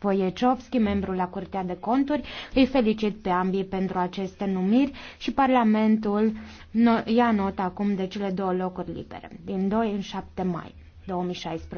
Voiecovski, membru la Curtea de Conturi. Îi felicit pe ambii pentru aceste numiri și Parlamentul ia notă acum de cele două locuri libere, din 2 în 7 mai 2016.